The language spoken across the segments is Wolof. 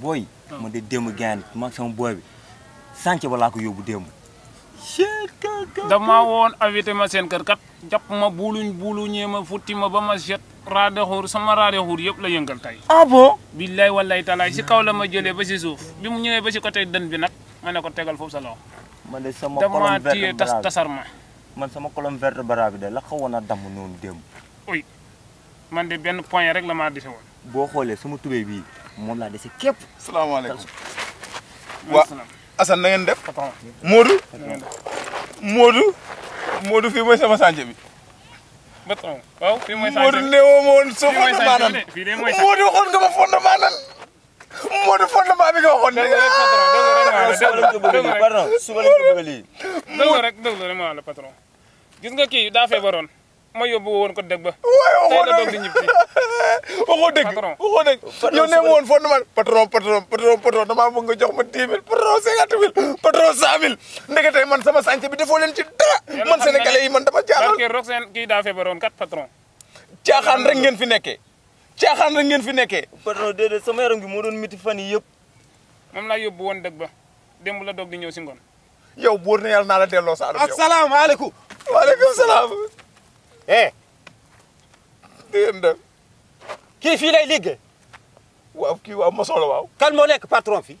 boy mo de démb gaan mag sama boy bi sanki wala ko yóbbu démb dama won invité ma sen keur kat japp ma buluñ buuluñee ma futti ma ba ma set raade sama rade xuur yëpp la yëngal tay ah bon billahi wallahi taala si kaw la ma jele ba ci suuf bi mu ñewé ba ci côté dën bi nak ma ko tégal fofu sa man de sama dama vert tasarma ma man sama verre bara bi de la xawona dam non dem démb oui man de ben point rek la ma won bo xolé sama bi moom laa dese képp. salaamaaleykum. waaw Assane na ngeen def. Moodu. Moodu. Moodu fii mooy sama sànce bi. patron waaw fii mooy sànce bi Moodu néewoo ma woon soo fondement nan. Moodu waxoon nga Moodu fondement bi nga waxoon. dëgg suba la ñu ko bëgg lii. dëgg la patron. daa ma yo woon ko dëgg ba. yow ne man patron patron patron patron bëgg nga jox ma sama bi ci man sénégalais yi man dama rox kat patron rek ngeen fi rek ngeen fi patron sama yaram doon miti fan ba la eh. kii fii lay liggéey. waaw kii waaw maçon waaw. kan moo nekk patron fi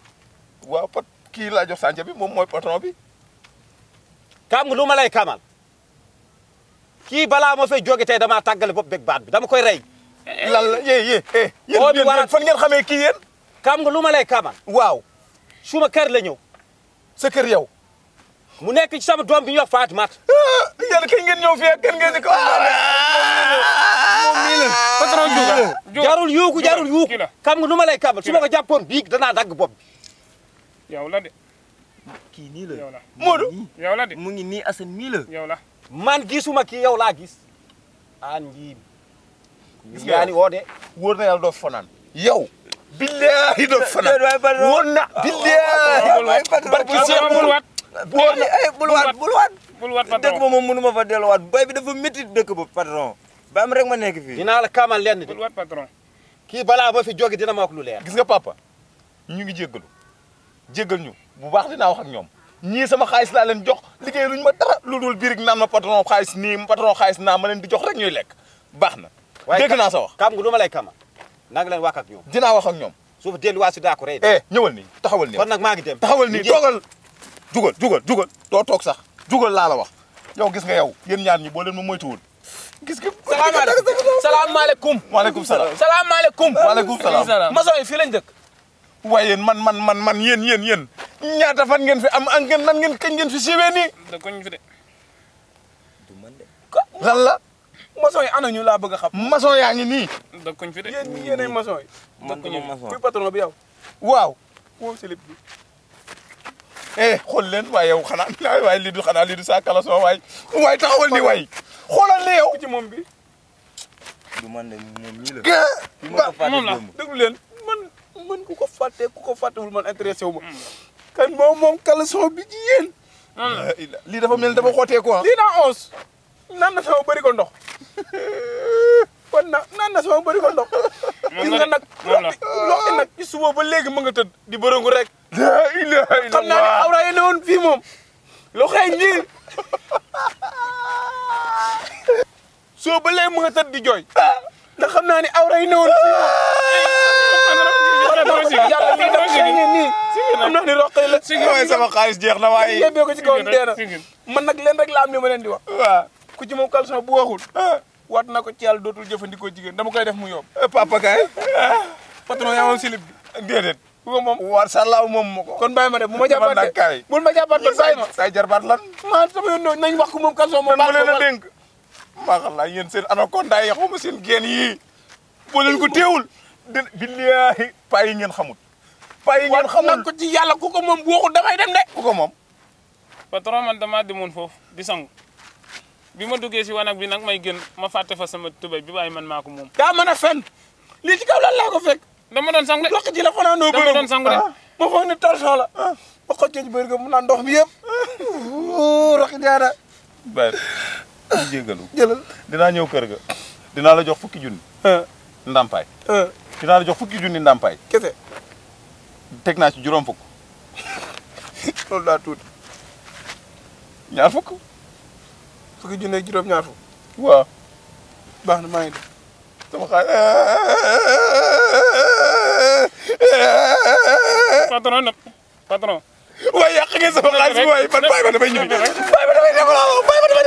waaw pat kii laa jox sànce bi moom mooy patron bi. kaam lu ma lay kamal kii balaa ma fay jóge tey damaa tàggale bopp beeg baat bi dama koy rey. lan la yee eh, eh, eh, yee. yéen yéen fan ngeen kii yéen. kaam nga lu ma lay kamal. waaw. suma kër la ñëw. sa kër yow. mu nek ci sama dom bi ñuy fatima yeen yéen ngeen ñëw fii ak ngeen di ko. Ah, ah, ah, patron jarul yuuku jarul yuuku kam nga numa lay kàmbal su ma ko jàppoon bii danaa dagg bopp bi. yow la de. ki ni la modu la yow la de mu ngi ni asan mi la. yow la man gisuma ki yow la gis. an njiim. gis nga ni woo de. wóor na yàlla do fonan yow. billahi do fonan wor na. billahi barki wat boo ne ay bul waat bul waat. bul waat patron dëkk ba moom mënu ma fa delluwaat bay bi dafa métti dëkk ba patron. ba am rek ma nekk fii. dinaa la kaamal lenn de. bul waat patron. kii balaa ma fi jóge dina ma wax lu leer. gis nga papa ñu ngi jéggalu jéggal ñu bu baax dinaa wax ak ñoom. ñii sama xaalis laa leen jox liggéey luñu ma dara lu dul birig naan ma patron xaalis nii patron xaalis naa ma leen di jox rek ñuy lekk baax na. dégg naa sa wax kam nga du ma lay kama naa ngi leen wax ak ñoom. dinaa wax ak ñoom. suuf delluwaat si daa ko rey. Eh, ñëwal nii taxawal ni kon nag maa ngi dem taxawal nii toogal jugal jugal jugal doo toog sax jugal laa la wax yow gis nga yow yéen ñaar ñi boo leen ma moytuwul. gis nga salaamaaleykum waaleykum salaam salaamaaleykum waaleykum salaam maçon yi fii lañ dëkk waaye yéen man man man man yéen yéen yéen ñaata fan ngeen fi am ak ngeen nan ngeen kañ ngeen fi siiwee nii lan la maçon yi ana ñu laa bëgg a xam maçon yaa ngi nii dëkkuñ fi de yéen ñi yéenay maçon yi dëkkuñu fi patron bi yow waaw woo silib eh xool leen waaye yow xanaa waaye lii du xanaa lii du saa kala soo waay waay taxawal ni waay xoolal li yow ci bi. du man de moom mii la. Eh, kii leen man man ku ko fàtte ku ko fàttewul man intéressé wu ma. kan moom moom kala bi ci ah. lii dafa mel dafa xootee quoi. lii naa os naan na sama bëri ko ndox naan na sama bëri ko gis nga nag loxi nag ci suba ba léegi ma nga tëdd di bërëngu rek la ilaha illallah xam naa ne awra yi newoon fii moom loxee ñii ba léegi ma nga tëdd di jooy ndax xam naa awra yi newoon fii moom ni roqay la sigil waaye sama xaalis jeex na waaye iya, yebbee ko ci kawam dee man nag leen rek la am li ma leen di wax waaw ku ci moom kalson bu waxul wat nako ci yalla dotul jëfandikoo jigen dama koy def mu yob eh, papa kay patron yaa moom silib dedet ko mom war sàllaaw mom ma kon Saya def buma bu ma jàppaat bul ma jàppaat de sayma say jarbat lan maa sama yoon nañ wax ko mom kaso ma baax leen a dénk maa xam laa yéen seen anaconda yi xawma seen geen yii boo leen ko teewul billahi pay ngeen xamut pay ngeen xamul nag ko ci yalla kuko mom boko damay dem de kuko mom patron man dama demoon foofu di sang bi ma duggee si wanag bi nag may gën ma fàtte fa sama tubéy bi waaye man maa ko moom. daa man a fen lii ci kaw lan laa ko fekk. dama doon sangu de loxo ji la fanaanoo bëri dama doon sangu de. Ah, ma foog ne torchon la ah, ma ko jëj bëri mu naan ndox mi yëpp. rox jaara. Baye ñu jégalu. jëlal dinaa ñëw kër ga. dinaa la jox fukki junni. Ah. ndàmpaay. dinaa la jox fukki junni ndàmpaay. kese. teg naa ci juróom fukk. loolu daa tuuti. ñaar fukk. fukki junne ak juróom-ñaar fukk waaw baax na maa ngi dem sama xaar patron nag patron waaye yàq ngeen sama xaalis bi waaye man bàyyi ma damay ñibbi bàyyi ma damay dem bàyyi ma damay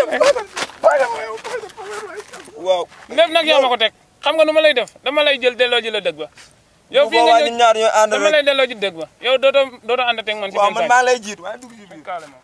dem waaw lépp nag yaa ma ko teg xam nga nu ma lay def dama lay jël delloo ji la dëgg ba yow fii nga ñëw dama lay delloo ji dëgg ba yow dootoo dootoo ànd teg man si waaw man maa lay jiit waaye dugg ji biir